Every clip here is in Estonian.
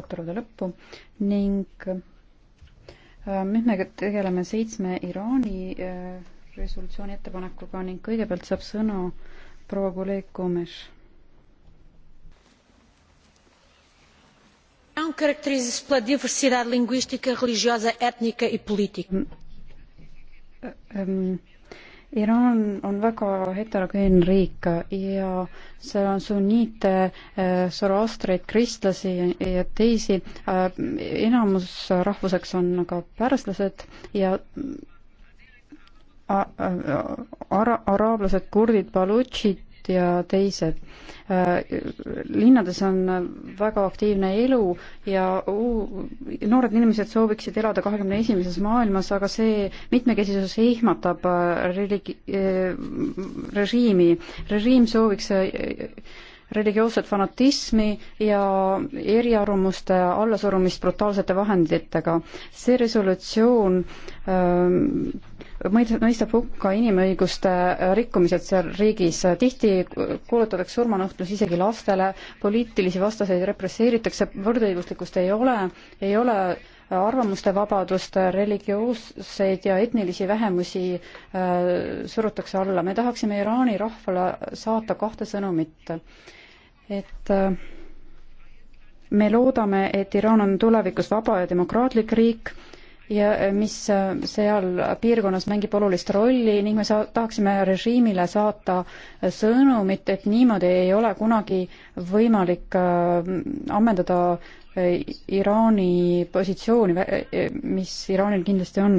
arutelude lõppu ning äh, nüüd me tegeleme seitsme Iraani äh, resolutsiooni ettepanekuga ning kõigepealt saab sõna proua kolleeg Gomes. Irão um caracteriza-se pela diversidade linguística, religiosa, étnica e política. Um, um, Iraan on väga heterogeenne riik ja seal on sunniite, eh, sorastreid, kristlasi ja teisi. Eh, enamus rahvuseks on aga pärslased ja mm, ara-, araablased, kurdid, balutšid, ja teised. linnades on väga aktiivne elu ja uu, noored inimesed sooviksid elada kahekümne esimeses maailmas, aga see mitmekesisus ehmatab äh, religi-, äh, režiimi. režiim sooviks äh, religioosset fanatismi ja eriarvamuste allasurumist brutaalsete vahenditega. see resolutsioon ähm, mõistab hukka inimõiguste rikkumised seal riigis. tihti kuulutatakse surmanuhtlus isegi lastele, poliitilisi vastaseid represseeritakse, võrdõiguslikkust ei ole, ei ole arvamuste vabadust, religioosseid ja etnilisi vähemusi äh, surutakse alla. me tahaksime Iraani rahvale saata kahte sõnumit. et äh, me loodame, et Iraan on tulevikus vaba ja demokraatlik riik ja mis äh, seal piirkonnas mängib olulist rolli ning me saa-, tahaksime režiimile saata äh, sõnumit, et niimoodi ei ole kunagi võimalik äh, ammendada Iraani positsiooni, mis Iraanil kindlasti on.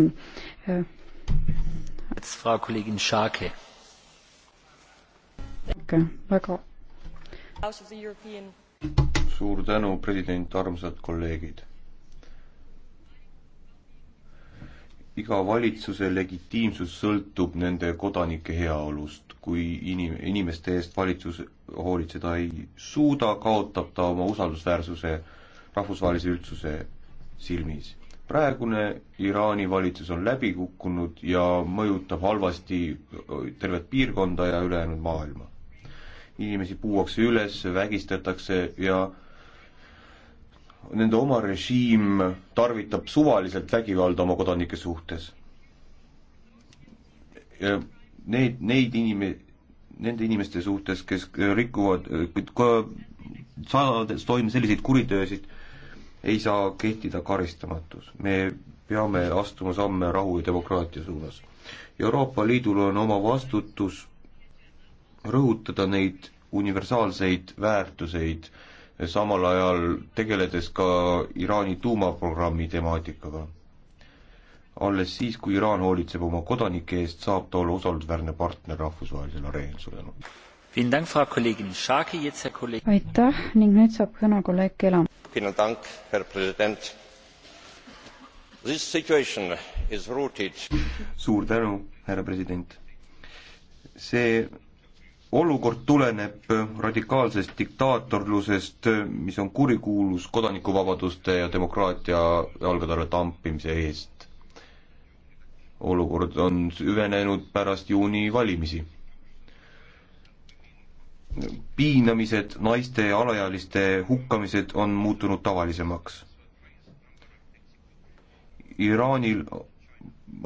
väga suur tänu, president, armsad kolleegid iga valitsuse legitiimsus sõltub nende kodanike heaolust. kui inim-, inimeste eest valitsus hoolitseda ei suuda, kaotab ta oma usaldusväärsuse rahvusvahelise üldsuse silmis. praegune Iraani valitsus on läbi kukkunud ja mõjutab halvasti tervet piirkonda ja ülejäänud maailma. inimesi puuakse üles, vägistatakse ja äh, nende oma režiim tarvitab suvaliselt vägivalda oma kodanike suhtes. Need, neid inim-, nende inimeste suhtes, kes rikuvad, saadades toime selliseid kuritöösid, ei saa kehtida karistamatus. me peame astuma samme rahu ja demokraatia suunas. Euroopa Liidul on oma vastutus rõhutada neid universaalseid väärtuseid, samal ajal tegeledes ka Iraani tuumaprogrammi temaatikaga. alles siis, kui Iraan hoolitseb oma kodanike eest, saab ta olla usaldusväärne partner rahvusvahelisel areenil, suur tänu. aitäh ning nüüd saab sõna kolleeg Kelam. suur tänu, härra president. see olukord tuleneb radikaalsest diktaatorlusest, mis on kurikuulus kodanikuvabaduste ja demokraatia jalgetarve tampimise eest. olukord on süvenenud pärast juuni valimisi. piinamised, naiste ja alaealiste hukkamised on muutunud tavalisemaks. Iraanil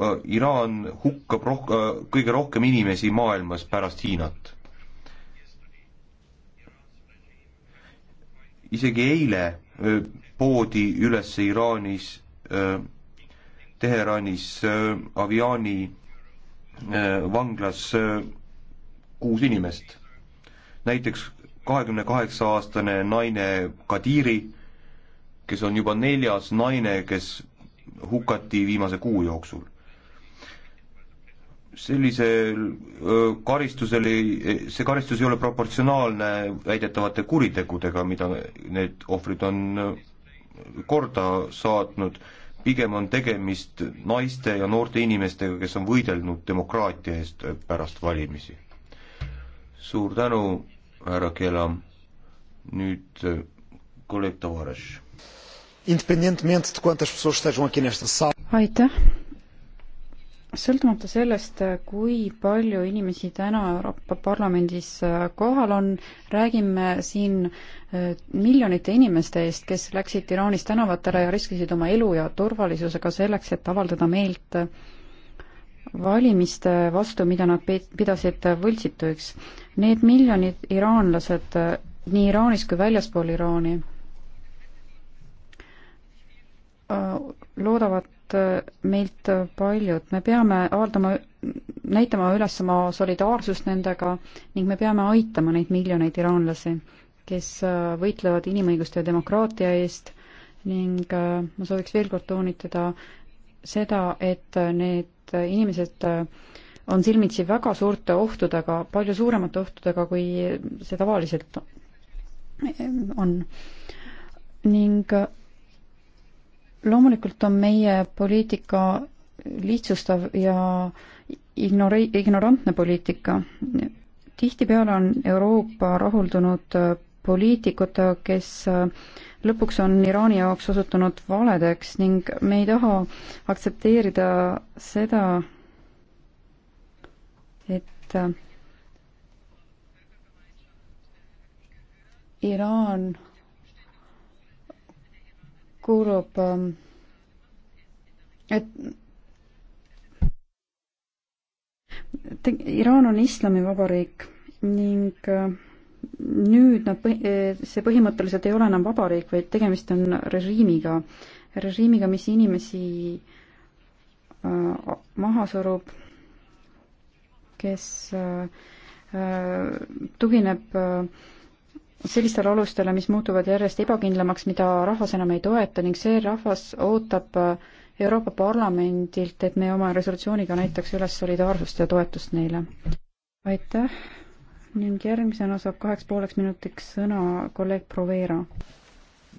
äh, Iraan hukkab roh-, kõige rohkem inimesi maailmas pärast Hiinat isegi eile poodi üles Iraanis, Teheranis Aviani vanglas kuus inimest. näiteks kahekümne kaheksa aastane naine Kadiri, kes on juba neljas naine, kes hukati viimase kuu jooksul sellisel karistusel ei, see karistus ei ole proportsionaalne väidetavate kuritegudega, mida need ohvrid on korda saatnud, pigem on tegemist naiste ja noorte inimestega, kes on võidelnud demokraatia eest pärast valimisi. suur tänu, härra Kelam, nüüd kolleeg Tavares. aitäh sõltumata sellest, kui palju inimesi täna Euroopa Parlamendis äh, kohal on, räägime siin äh, miljonite inimeste eest, kes läksid Iraanis tänavatele ja riskisid oma elu ja turvalisusega selleks, et avaldada meelt äh, valimiste vastu, mida nad pidasid võltsituiks. Need miljonid iraanlased nii Iraanis kui väljaspool Iraani loodavad nõuavad äh, meilt äh, paljud, me peame avaldama, näitama üles oma solidaarsust nendega ning me peame aitama neid miljoneid iraanlasi, kes äh, võitlevad inimõiguste ja demokraatia eest ning ma sooviks veel kord toonitada seda, et need inimesed on silmitsi väga suurte ohtudega, palju suuremate ohtudega, kui see tavaliselt on. ning loomulikult on meie poliitika lihtsustav ja ignore-, ignorantne poliitika. tihtipeale on Euroopa rahuldunud äh, poliitikute, kes äh, lõpuks on Iraani jaoks osutunud valedeks ning me ei taha aktsepteerida seda, et äh, Iraan kuulub, ähm, et Iraan on islamivabariik ning äh, nüüd nad, äh, see põhimõtteliselt ei ole enam vabariik, vaid tegemist on režiimiga, režiimiga, mis inimesi äh, maha surub, kes tugineb äh, sellistele alustele, mis muutuvad järjest ebakindlamaks, mida rahvas enam ei toeta ning see rahvas ootab äh, Euroopa Parlamendilt, et me oma resolutsiooniga näitaks üles solidaarsust ja toetust neile. aitäh ning järgmisena saab kaheks pooleks minutiks sõna kolleeg Provera.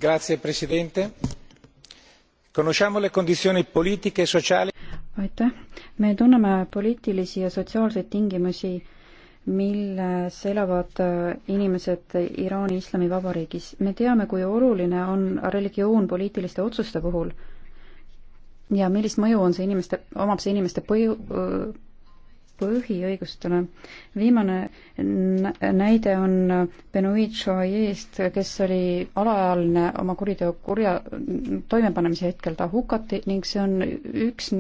Grazie, presidente. Conosciamo le condizioni politiche e sociali. aitäh, me tunneme poliitilisi ja sotsiaalseid tingimusi milles elavad äh, inimesed Iraani Islamivabariigis. me teame, kui oluline on religioon poliitiliste otsuste puhul ja millist mõju on see inimeste, omab see inimeste põju, äh, põhiõigustele. viimane näide on Benoit Choyeest, kes oli alaealine oma kuriteo kurja toimepanemise hetkel, ta hukati ning see on üks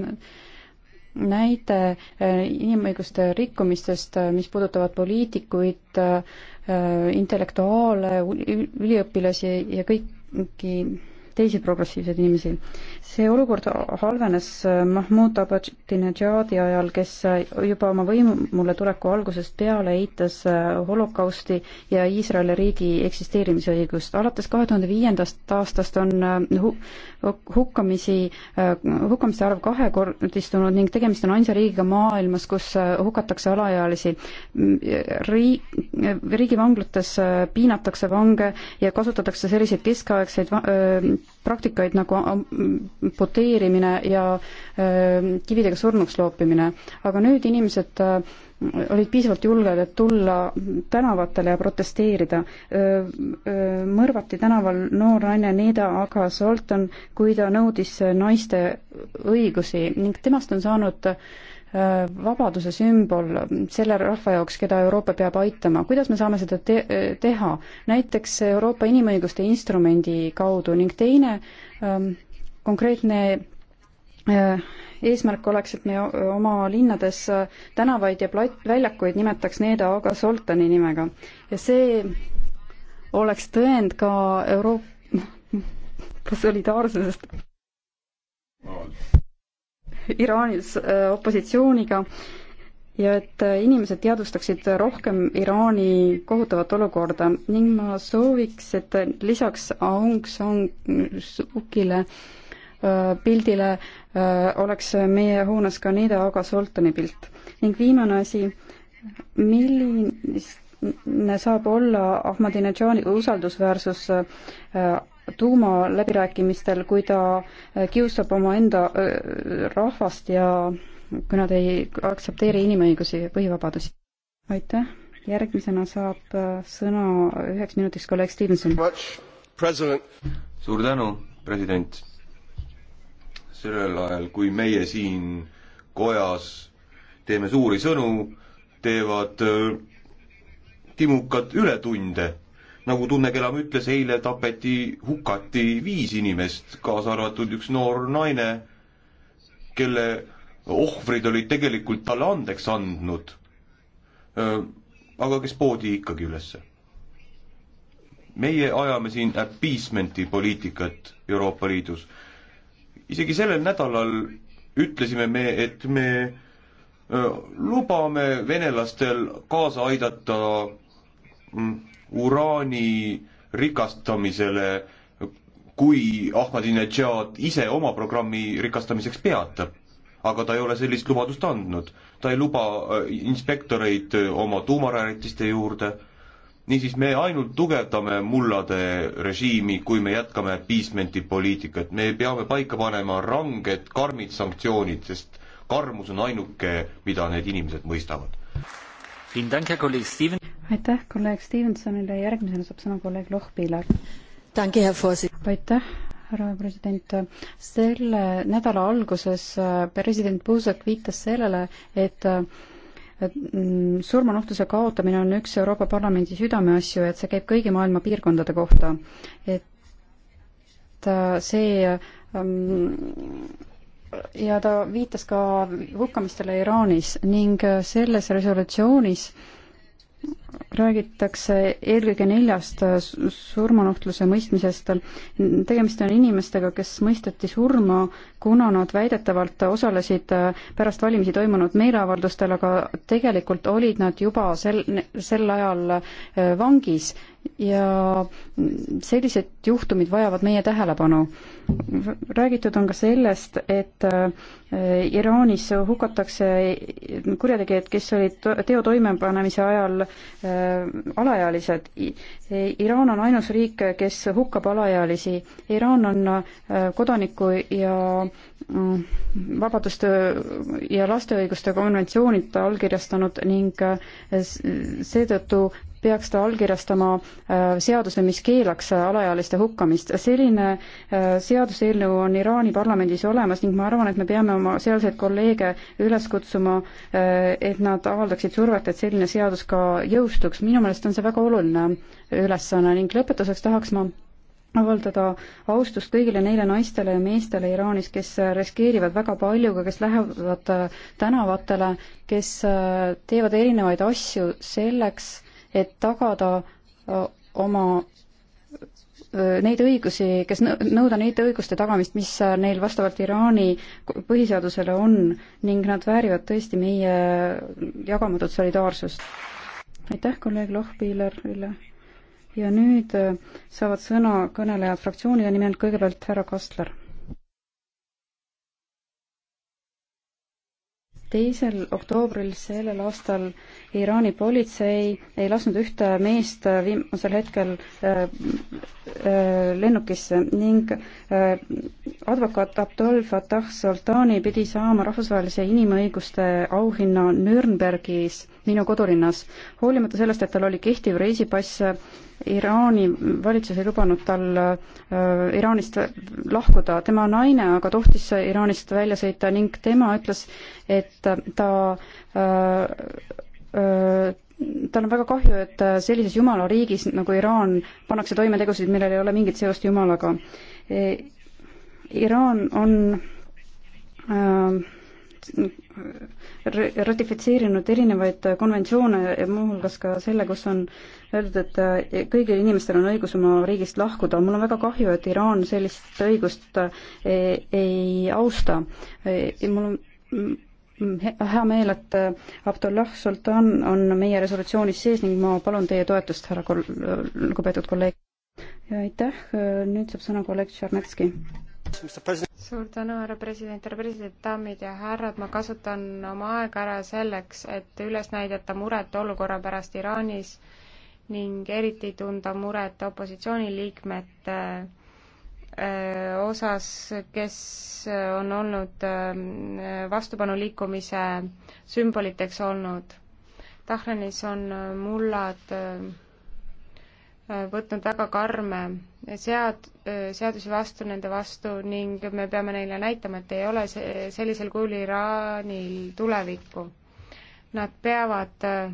näite äh, inimõiguste rikkumistest, äh, mis puudutavad poliitikuid, äh, intellektuaale, üliõpilasi ja kõiki teisi progressiivseid inimesi. see olukord halvenes eh, Mahmoud Ahmadinejadi ajal, kes eh, juba oma võimule tuleku algusest peale eitas eh, holokausti ja Iisraeli riigi eksisteerimise õigust. alates kahe tuhande viiendast aastast on hu-, hukkamisi, hukkamiste arv kahekordistunud ning tegemist on ainsa riigiga maailmas, kus hukatakse alaealisi. Mm, Riik, riigivanglates piinatakse vange ja kasutatakse selliseid keskaegseid va-, praktikaid nagu amputeerimine mm, ja ähm, kividega surnuks loopimine, aga nüüd inimesed äh, olid piisavalt julged, et tulla tänavatele ja protesteerida. Äh, äh, mõrvati tänaval noor naine Neda Aga Soltan, kui ta nõudis naiste õigusi ning temast on saanud Äh, vabaduse sümbol selle rahva jaoks, keda Euroopa peab aitama. kuidas me saame seda te teha? näiteks Euroopa Inimõiguste Instrumendi kaudu ning teine ähm, konkreetne äh, eesmärk oleks, et me oma linnades äh, tänavaid ja plat-, väljakuid nimetaks Neda Aga Soltani nimega. ja see oleks tõend ka Euroopa solidaarsusest Iraanis äh, opositsiooniga ja et äh, inimesed teadvustaksid rohkem Iraani kohutavat olukorda ning ma sooviks, et lisaks Aung San Suu-Kyile äh, pildile oleks meie hoones ka Neda Aga Soltani pilt. ning viimane asi, milline saab olla Ahmadinejani usaldusväärsus tuumaläbirääkimistel, kui ta äh, kiusab omaenda äh, rahvast ja kui nad ei aktsepteeri inimõigusi ja põhivabadusi. aitäh, järgmisena saab äh, sõna üheks minutiks kolleeg Stevenson. suur tänu, president. sellel ajal, kui meie siin kojas teeme suuri sõnu, teevad timukad ületunde nagu Tunne Kelam ütles, eile tapeti, hukati viis inimest, kaasa arvatud üks noor naine, kelle ohvrid olid tegelikult talle andeks andnud, aga kes poodi ikkagi ülesse. meie ajame siin appeasement'i poliitikat Euroopa Liidus. isegi sellel nädalal ütlesime me, et me lubame venelastel kaasa aidata mm, uraani rikastamisele, kui Ahmadinejad ise oma programmi rikastamiseks peatab. aga ta ei ole sellist lubadust andnud. ta ei luba äh, inspektoreid äh, oma tuumarajatiste juurde, niisiis me ainult tugevdame mullade režiimi, kui me jätkame appeasement'i poliitikat, me peame paika panema ranged, karmid sanktsioonid, sest karmus on ainuke, mida need inimesed mõistavad aitäh kolleeg Stevensonile, järgmisena saab sõna kolleeg Lohpiilar. aitäh, härra president, selle nädala alguses äh, president Buzek viitas sellele, et äh, mm, surmanuhtluse kaotamine on üks Euroopa Parlamendi südameasju, et see käib kõigi maailma piirkondade kohta. et äh, see ähm, ja ta viitas ka hukkamistele Iraanis ning selles resolutsioonis räägitakse eelkõige neljast surmanuhtluse mõistmisest. tegemist on inimestega, kes mõisteti surma, kuna nad väidetavalt osalesid pärast valimisi toimunud meeleavaldustel, aga tegelikult olid nad juba sel, sel ajal vangis ja sellised juhtumid vajavad meie tähelepanu. räägitud on ka sellest, et äh, Iraanis hukatakse kurjategijad, kes olid teo toimepanemise ajal Äh, alaealised. Iraan on ainus riik, kes hukkab alaealisi. Iraan on äh, kodaniku ja mm, vabaduste ja laste õiguste konventsioonid allkirjastanud ning äh, seetõttu peaks ta allkirjastama äh, seaduse, mis keelaks äh, alaealiste hukkamist. selline äh, seaduseelnõu on Iraani parlamendis olemas ning ma arvan, et me peame oma sealseid kolleege üles kutsuma, et nad avaldaksid survet, et selline seadus ka jõustuks. minu meelest on see väga oluline ülesanne ning lõpetuseks tahaks ma avaldada austust kõigile neile naistele ja meestele Iraanis, kes riskeerivad väga palju, aga kes lähevad tänavatele, kes teevad erinevaid asju selleks, et tagada oma neid õigusi, kes nõuda neid õiguste tagamist, mis äh, neil vastavalt Iraani põhiseadusele on ning nad väärivad tõesti meie jagamatut solidaarsust. aitäh, kolleeg Lohpiilerile. ja nüüd äh, saavad sõna kõnelejad fraktsioonide nimel, kõigepealt härra Kastler teisel oktoobril sellel aastal Iraani politsei ei lasknud ühte meest viimasel hetkel äh, äh, lennukisse ning äh, advokaat Abdul Fattah Soltani pidi saama rahvusvahelise inimõiguste auhinna Nürnbergis, minu kodulinnas. hoolimata sellest, et tal oli kehtiv reisipass, Iraani valitsus ei lubanud tal äh, Iraanist lahkuda, tema naine aga tohtis Iraanist välja sõita ning tema ütles, et ta äh, äh, tal on väga kahju, et sellises jumala riigis nagu Iraan pannakse toime tegusid, millel ei ole mingit seost jumalaga. E, Iraan on äh, ratifitseerinud erinevaid konventsioone, muuhulgas ka selle, kus on öeldud, et eh, kõigil inimestel on õigus oma riigist lahkuda. mul on väga kahju, et Iraan sellist õigust ei, eh, ei austa. Eh, mul on hea meel, et Abdullah Sultan on meie resolutsioonis sees ning ma palun teie toetust, härra kol-, lugupeetud kolleeg. ja aitäh, nüüd saab sõna kolleeg Tšernetski suur tänu, härra president, härra president, daamid ja härrad, ma kasutan oma aega ära selleks, et üles näidata muret olukorra pärast Iraanis ning eriti tunda muret opositsiooniliikmete äh, osas, kes on olnud äh, vastupanuliikumise sümboliteks olnud. Tahranis on mullad äh, võtnud väga karme sead-, seadusi vastu nende vastu ning me peame neile näitama, et ei ole see, sellisel kujul Iraanil tulevikku. Nad peavad äh,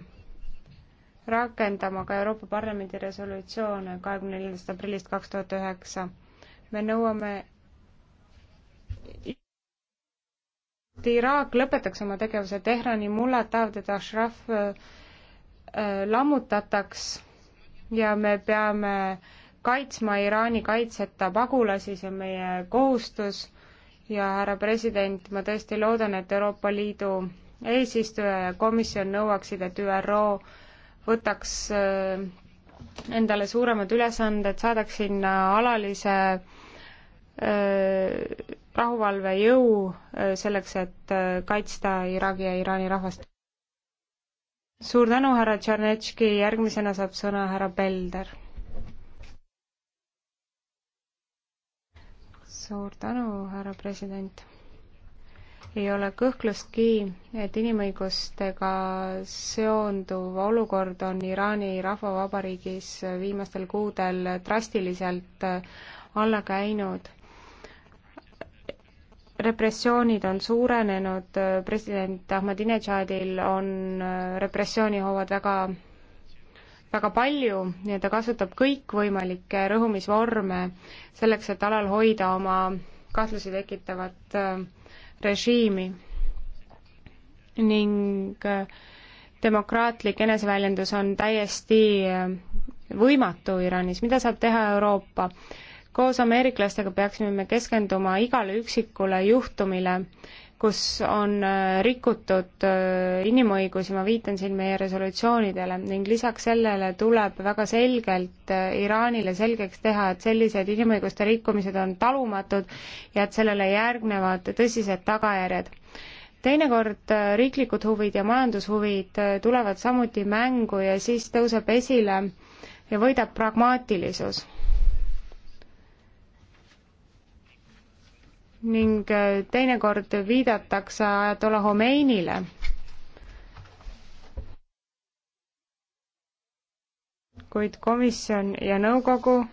rakendama ka Euroopa Parlamendi resolutsioone kahekümne neljandast aprillist kaks tuhat üheksa. me nõuame et Iraak lõpetaks oma tegevuse Tehrani mullad tahavad, et Ashraf äh, äh lammutataks ja me peame kaitsma Iraani kaitseta pagulasi, see on meie kohustus ja härra president, ma tõesti loodan, et Euroopa Liidu eesistuja ja komisjon nõuaksid, et ÜRO võtaks äh, endale suuremad ülesanded, saadaks sinna alalise äh, rahuvalvejõu äh, selleks, et kaitsta Iraagi ja Iraani rahvast suur tänu, härra Tšernetški, järgmisena saab sõna härra Pelder. suur tänu, härra president. ei ole kõhklustki, et inimõigustega seonduv olukord on Iraani rahvavabariigis viimastel kuudel drastiliselt alla käinud repressioonid on suurenenud, president Ahmadinejadil on äh, repressioonihoovad väga, väga palju ja ta kasutab kõikvõimalikke rõhumisvorme selleks, et alal hoida oma kahtlusi tekitavat äh, režiimi. ning äh, demokraatlik eneseväljendus on täiesti võimatu Iraanis, mida saab teha Euroopa? koos ameeriklastega peaksime me keskenduma igale üksikule juhtumile, kus on äh, rikutud äh, inimõigusi, ma viitan siin meie resolutsioonidele, ning lisaks sellele tuleb väga selgelt äh, Iraanile selgeks teha, et sellised inimõiguste rikkumised on talumatud ja et sellele järgnevad tõsised tagajärjed teinekord riiklikud huvid ja majandushuvid tulevad samuti mängu ja siis tõuseb esile ja võidab pragmaatilisus ning äh, teinekord viidatakse ajatolla Homeinile. kuid komisjon ja nõukogu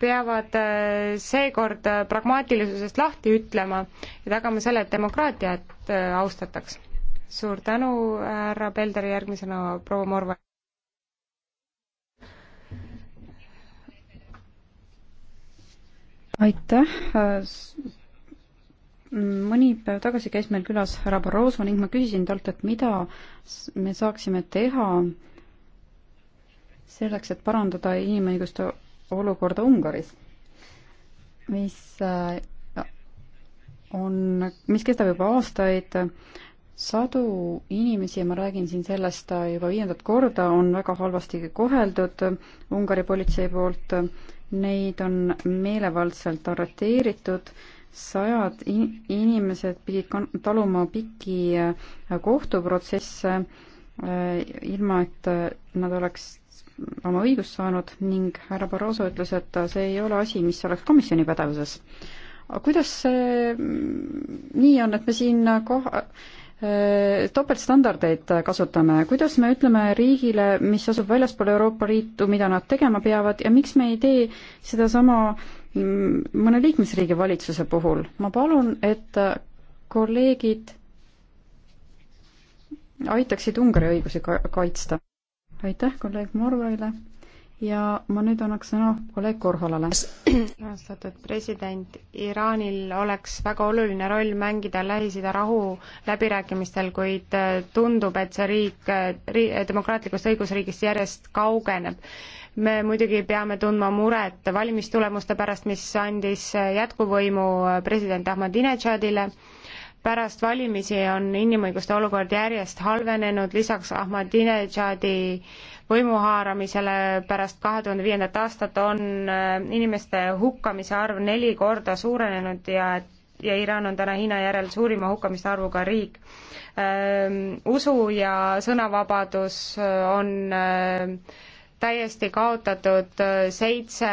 peavad äh, seekord äh, pragmaatilisusest lahti ütlema ja tagama selle, et demokraatiat austataks. suur tänu, härra Pelder, järgmisena proua Morva. aitäh, mõni päev tagasi käis meil külas härra Barroso ning ma küsisin talt, et mida me saaksime teha selleks, et parandada inimõiguste olukorda Ungaris, mis äh, on, mis kestab juba aastaid, sadu inimesi ja ma räägin siin sellest juba viiendat korda, on väga halvasti koheldud Ungari politsei poolt, neid on meelevaldselt arreteeritud äh, sajad in-, inimesed pidid kan-, taluma pikki äh, kohtuprotsesse äh, ilma, et äh, nad oleks oma õigust saanud ning härra Barroso ütles, et see ei ole asi, mis oleks komisjoni pädevuses. aga kuidas see mm, nii on, et me siin koh-, topeltstandardeid kasutame, kuidas me ütleme riigile, mis asub väljaspool Euroopa Liitu, mida nad tegema peavad ja miks me ei tee sedasama äh, Mm, mõne liikmesriigi valitsuse puhul. ma palun, et kolleegid aitaksid Ungari õigusi kaitsta. aitäh kolleeg Morvaile ja ma nüüd annaks sõna kolleeg Korholale. austatud president, Iraanil oleks väga oluline roll mängida Lähis-Ida rahu läbirääkimistel, kuid äh, tundub, et see riik äh, ri, demokraatlikust õigusriigist järjest kaugeneb. me muidugi peame tundma muret valimistulemuste pärast, mis andis äh, jätkuvõimu president Ahmadinejadile pärast valimisi on inimõiguste olukord järjest halvenenud, lisaks Ahmadinejadi võimuhaaramisele pärast kahe tuhande viiendat aastat on äh, inimeste hukkamise arv neli korda suurenenud ja et ja Iraan on täna Hiina järel suurima hukkamiste arvuga riik. Ähm, usu ja sõnavabadus äh, on öö, äh, täiesti kaotatud, äh, seitse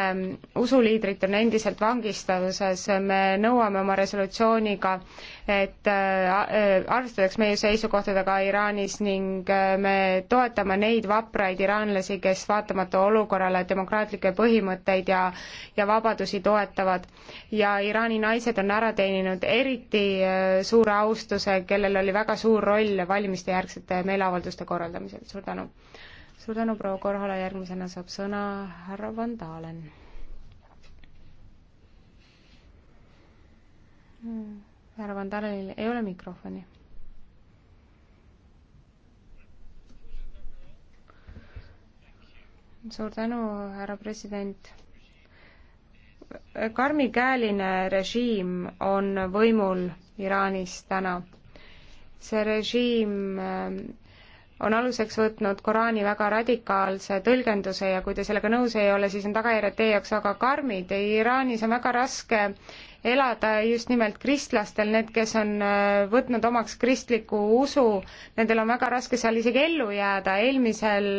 usuliidrit on endiselt vangistuses, me nõuame oma resolutsiooniga, et äh, äh, arvestataks meie seisukohtadega Iraanis ning me toetame neid vapraid iraanlasi, kes vaatamata olukorrale demokraatlikke põhimõtteid ja, ja vabadusi toetavad. ja Iraani naised on ära teeninud eriti suure austuse, kellel oli väga suur roll valimiste järgsete meeleavalduste korraldamisel, suur tänu! suur tänu, proua Korhale, järgmisena saab sõna härra Van Dalen. härra Van Dalenil ei ole mikrofoni. suur tänu, härra president karmikäeline režiim on võimul Iraanis täna. see režiim on aluseks võtnud Koraani väga radikaalse tõlgenduse ja kui te sellega nõus ei ole, siis on tagajärjed teie jaoks väga karmid. Iraanis on väga raske elada just nimelt kristlastel, need, kes on äh, võtnud omaks kristliku usu, nendel on väga raske seal isegi ellu jääda. eelmisel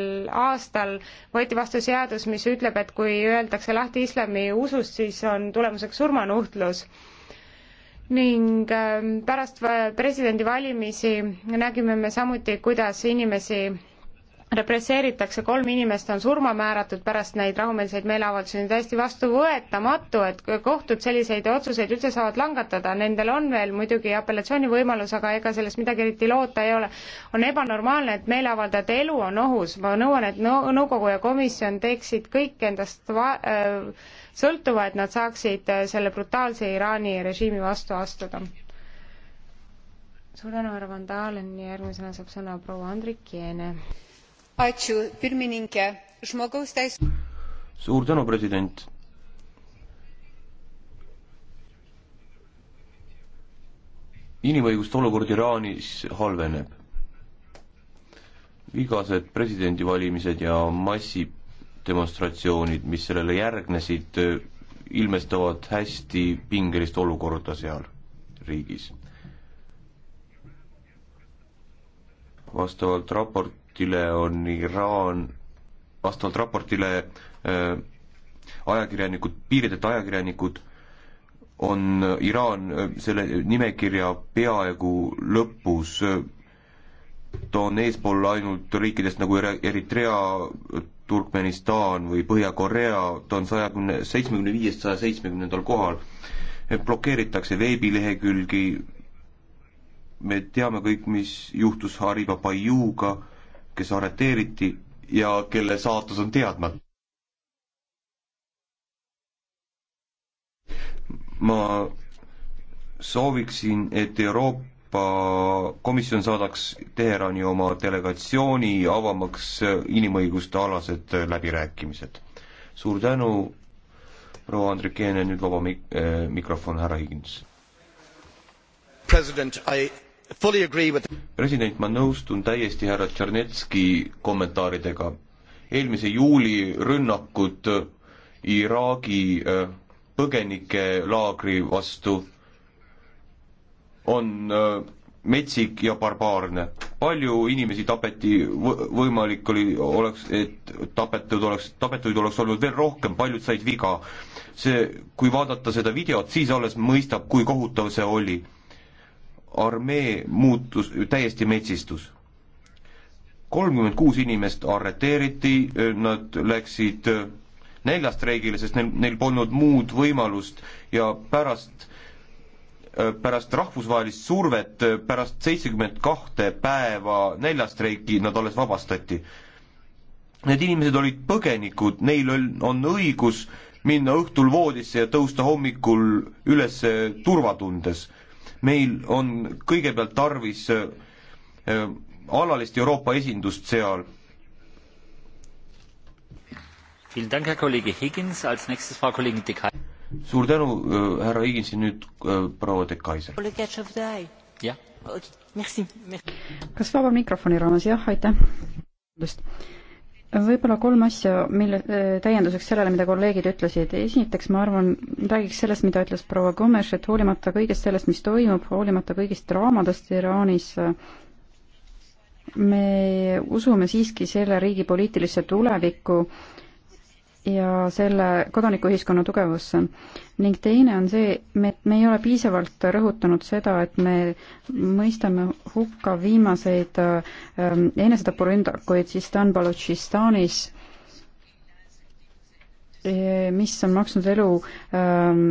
aastal võeti vastu seadus, mis ütleb, et kui öeldakse lahti islami usust, siis on tulemuseks surmanuhtlus ning ähm, pärast presidendivalimisi nägime me samuti, kuidas inimesi represseeritakse, kolm inimest on surma määratud pärast neid rahumeelseid meeleavaldusi, on täiesti vastuvõetamatu, et kohtud selliseid otsuseid üldse saavad langetada, nendel on veel muidugi apellatsioonivõimalus, aga ega sellest midagi eriti loota ei ole. on ebanormaalne, et meeleavaldajate elu on ohus, ma nõuan, et nõukogu ja komisjon teeksid kõik endast va-, äh, sõltuva, et nad saaksid äh, selle brutaalse Iraani režiimi vastu astuda. suur tänu, härra Van Dalen, järgmisena saab sõna proua Andrik Jeene. suur tänu, president inimõiguste olukord Iraanis halveneb. vigased presidendivalimised ja massi demonstratsioonid, mis sellele järgnesid, ilmestavad hästi pingelist olukorda seal riigis. vastavalt raportile on Iraan, vastavalt raportile äh, ajakirjanikud, piirideta ajakirjanikud on äh, Iraan äh, selle nimekirja peaaegu lõpus. Äh, toon eespool ainult riikidest nagu Eritrea, Turkmenistan või Põhja-Korea, ta on saja kümne, seitsmekümne viiest saja seitsmekümnendal kohal, blokeeritakse veebilehekülgi, me teame kõik, mis juhtus Hariba Baiuga, kes arreteeriti ja kelle saatus on teadmata. ma sooviksin, et Euroopa Euroopa Komisjon saadaks Teherani oma delegatsiooni avamaks inimõiguste alased läbirääkimised. suur tänu, proua Andrikeene, nüüd vaba mik-, eh, mikrofon, härra Higins. president, I fully agree with president, ma nõustun täiesti härra Tšernetski kommentaaridega. eelmise juuli rünnakud Iraagi eh, põgenikelaagri vastu on äh, metsik ja barbaarne. palju inimesi tapeti, võimalik oli, oleks, et tapetud oleks, tapetuid oleks olnud veel rohkem, paljud said viga. see, kui vaadata seda videot, siis alles mõistab, kui kohutav see oli. armee muutus täiesti metsistus. kolmkümmend kuus inimest arreteeriti, nad läksid äh, näljastreigile, sest neil, neil polnud muud võimalust ja pärast äh, Äh, pärast rahvusvahelist survet, äh, pärast seitsekümmend kahte päeva näljastreiki nad alles vabastati. Need inimesed olid põgenikud, neil on, on õigus minna õhtul voodisse ja tõusta hommikul üles äh, turvatundes. meil on kõigepealt tarvis alalist Euroopa esindust seal. Vielen Dank, Herr Kollege Higgins. Als nächstes Frau Kollegin Dickheim suur tänu, äh, härra Higins ja nüüd äh, proua de Kaiser. jah. kas vaba mikrofoni raames, jah, aitäh. võib-olla kolm asja, mille, äh, täienduseks sellele, mida kolleegid ütlesid. esiteks, ma arvan, räägiks sellest, mida ütles proua Gomes, et hoolimata kõigest sellest, mis toimub, hoolimata kõigist draamadest Iraanis, me usume siiski selle riigi poliitilisse tulevikku ja selle kodanikuühiskonna tugevusse. ning teine on see, me, me ei ole piisavalt rõhutanud seda, et me mõistame hukka viimaseid äh, enesetapuründakuid Sistan Balutšistanis, e, mis on maksnud elu ähm,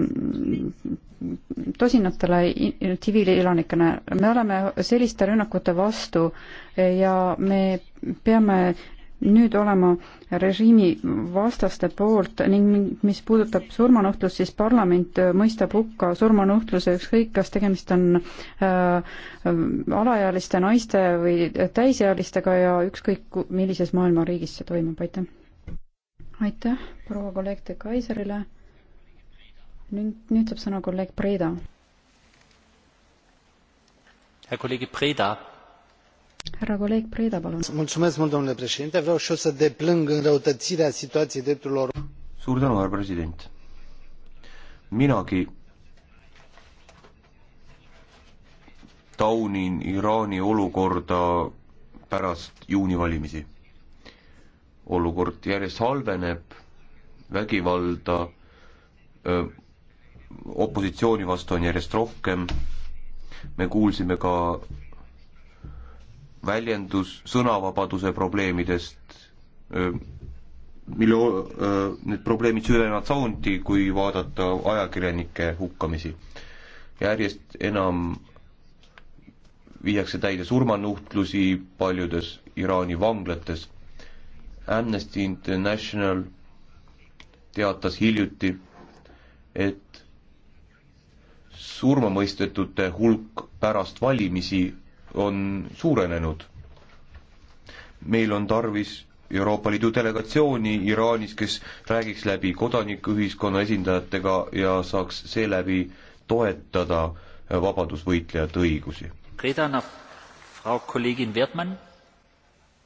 tosinatele tsiviilelanikena. me oleme selliste rünnakute vastu ja me peame nüüd olema režiimi vastaste poolt ning mis puudutab surmanuhtlust, siis parlament mõistab hukka surmanuhtluse, ükskõik kas tegemist on äh, alaealiste naiste või täisealistega ja ükskõik millises maailma riigis see toimub, aitäh. aitäh proua kolleeg De Kaiserile. nüüd, nüüd saab sõna kolleeg Preda. Herr Kollege Preda härra kolleeg Preda, palun. vreau și eu să deplâng înrăutățirea situației drepturilor. suur tänu, härra president. minagi taunin Iraani olukorda pärast juuni valimisi. olukord järjest halveneb, vägivalda öö, opositsiooni vastu on järjest rohkem, me kuulsime ka väljendus sõnavabaduse probleemidest, mille, need probleemid süvenevad samuti, kui vaadata ajakirjanike hukkamisi. järjest enam viiakse täide surmanuhtlusi paljudes Iraani vanglates. Amnesty International teatas hiljuti, et surmamõistetute hulk pärast valimisi on suurenenud. meil on tarvis Euroopa Liidu delegatsiooni Iraanis, kes räägiks läbi kodanikuühiskonna esindajatega ja saaks seeläbi toetada vabadusvõitlejate õigusi.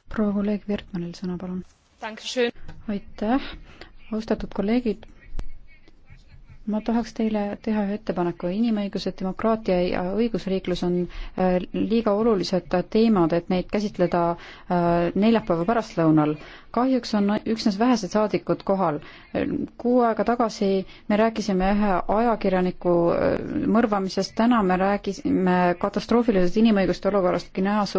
proua kolleeg Wertmannil sõna, palun. aitäh, austatud kolleegid ma tahaks teile teha ühe ettepaneku, inimõigused, demokraatia ja õigusriiklus on äh, liiga olulised teemad, et neid käsitleda äh, neljapäeva pärastlõunal. kahjuks on üksnes vähesed saadikud kohal. Kuu aega tagasi me rääkisime ühe ajakirjaniku äh, mõrvamisest, täna me räägime katastroofilisest inimõiguste olukorrast Guineas,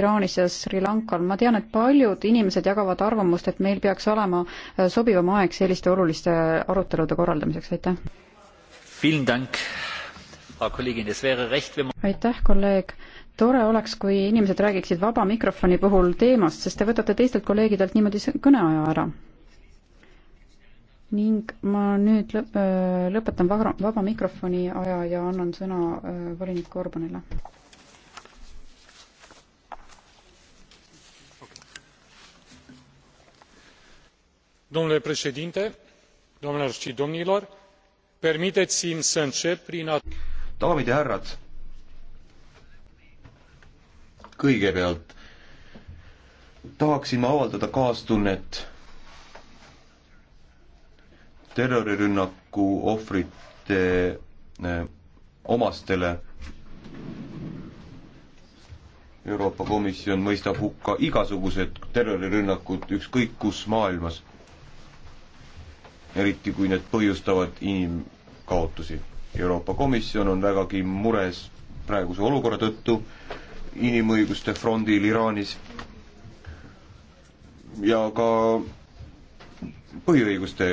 Iraanis ja Sri Lankal. ma tean, et paljud inimesed jagavad arvamust, et meil peaks olema sobivam aeg selliste oluliste arutelude korraldamiseks, aitäh! aitäh, kolleeg. tore oleks, kui inimesed räägiksid vaba mikrofoni puhul teemast, sest te võtate teistelt kolleegidelt niimoodi kõneaja ära. ning ma nüüd lõp-, äh, lõpetan vaba, vaba mikrofoni aja ja annan sõna äh, volinik Orbanile. domnule președinte doamnelor și domnilor permiteți mi să încep prin a daamid ja härrad kõigepealt tahaksin ma avaldada kaastunnet terrorirünnaku ohvrite eh, omastele Euroopa Komisjon mõistab hukka igasugused terrorirünnakud ükskõik kus maailmas eriti kui need põhjustavad inimkaotusi. Euroopa Komisjon on vägagi mures praeguse olukorra tõttu inimõiguste frondil Iraanis ja ka põhiõiguste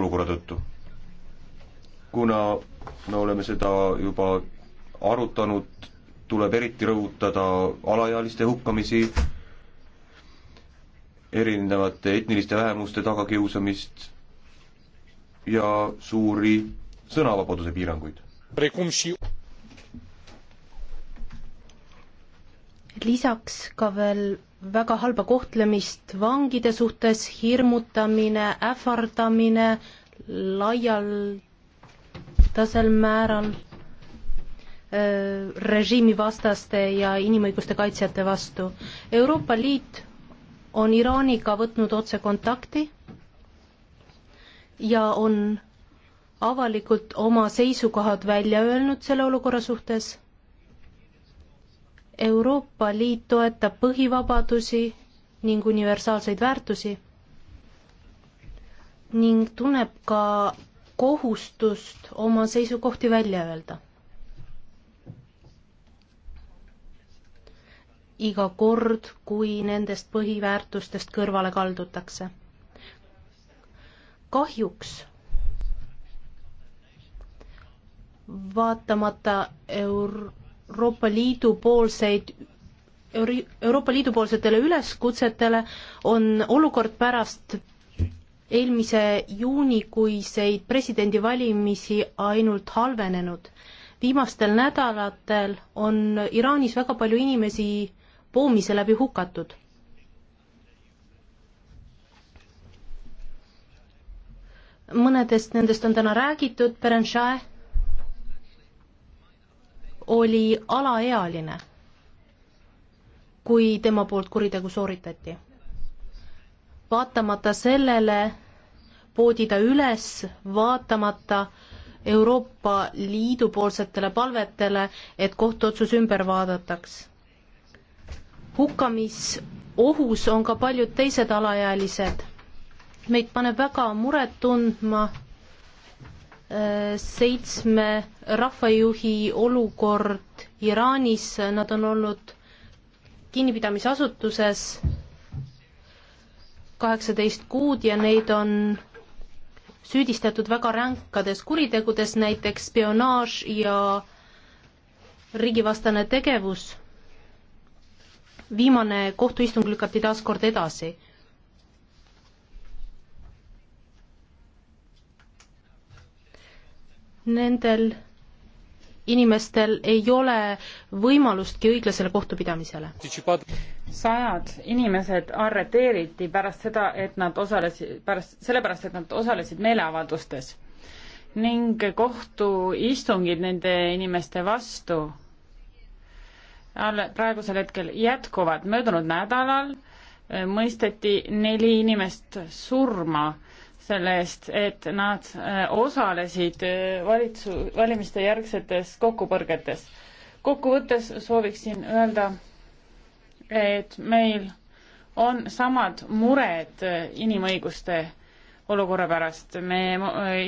olukorra tõttu. kuna me oleme seda juba arutanud, tuleb eriti rõhutada alaealiste hukkamisi, erinevate etniliste vähemuste tagakiusamist ja suuri sõnavabaduse piiranguid. lisaks ka veel väga halba kohtlemist vangide suhtes, hirmutamine, ähvardamine laialdasel määral režiimivastaste ja inimõiguste kaitsjate vastu. Euroopa Liit on Iraaniga võtnud otse kontakti ja on avalikult oma seisukohad välja öelnud selle olukorra suhtes. Euroopa Liit toetab põhivabadusi ning universaalseid väärtusi ning tunneb ka kohustust oma seisukohti välja öelda. iga kord, kui nendest põhiväärtustest kõrvale kaldutakse kahjuks vaatamata Euroopa Liidu poolseid Euroopa Liidu poolsetele üleskutsetele on olukord pärast eelmise juunikuiseid presidendivalimisi ainult halvenenud. viimastel nädalatel on Iraanis väga palju inimesi poomise läbi hukatud. mõnedest nendest on täna räägitud, Berenšae oli alaealine, kui tema poolt kuritegu sooritati. vaatamata sellele poodi ta üles, vaatamata Euroopa Liidu poolsetele palvetele, et kohtuotsus ümber vaadataks. hukkamisohus on ka paljud teised alaealised meid paneb väga muret tundma äh, seitsme rahvajuhi olukord Iraanis, nad on olnud kinnipidamisasutuses kaheksateist kuud ja neid on süüdistatud väga ränkades kuritegudes, näiteks spionaaž ja riigivastane tegevus. viimane kohtuistung lükati taas kord edasi nendel inimestel ei ole võimalustki õiglasele kohtupidamisele. sajad inimesed arreteeriti pärast seda, et nad osalesid, pärast, sellepärast, et nad osalesid meeleavaldustes ning kohtuistungid nende inimeste vastu alle praegusel hetkel jätkuvad. möödunud nädalal mõisteti neli inimest surma äh, selle eest, et nad äh, osalesid äh, valitsu-, valimiste järgsetes kokkupõrgetes. kokkuvõttes sooviksin öelda, et meil on samad mured äh, inimõiguste olukorra pärast. me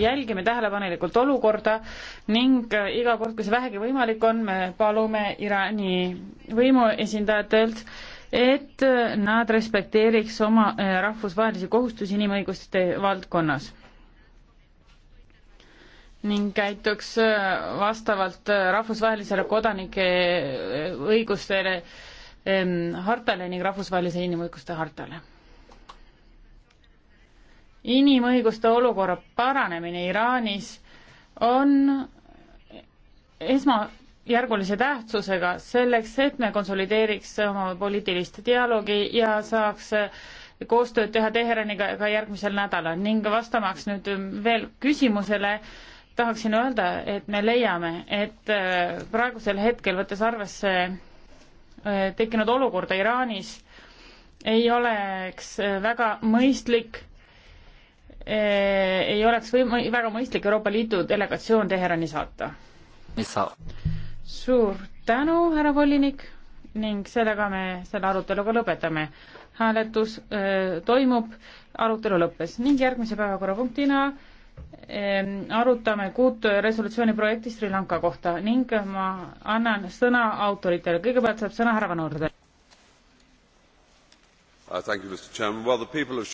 jälgime tähelepanelikult olukorda ning iga kord, kui see vähegi võimalik on, me palume Iraani võimuesindajatelt äh, et nad respekteeriks oma äh, rahvusvahelisi kohustusi inimõiguste valdkonnas ning käituks äh, vastavalt äh, rahvusvahelisele kodanike õigustele ähm, hartale ning rahvusvahelise inimõiguste hartale. inimõiguste olukorra paranemine Iraanis on esma järgulise tähtsusega selleks, et me konsolideeriks oma poliitilist dialoogi ja saaks koostööd teha Teheraniga ka järgmisel nädalal ning vastamaks nüüd veel küsimusele, tahaksin öelda, et me leiame, et äh, praegusel hetkel, võttes arvesse äh, tekkinud olukorda Iraanis, ei oleks äh, väga mõistlik ei oleks või väga mõistlik Euroopa Liidu delegatsioon Teherani saata. mis saab? suur tänu, härra volinik ning sellega me selle aruteluga lõpetame. hääletus äh, toimub, arutelu lõppes ning järgmise päevakorrapunktina äh, arutame kuut resolutsiooni projekti Sri Lanka kohta ning ma annan sõna autoritele, kõigepealt saab sõna härra Van Orden. Uh,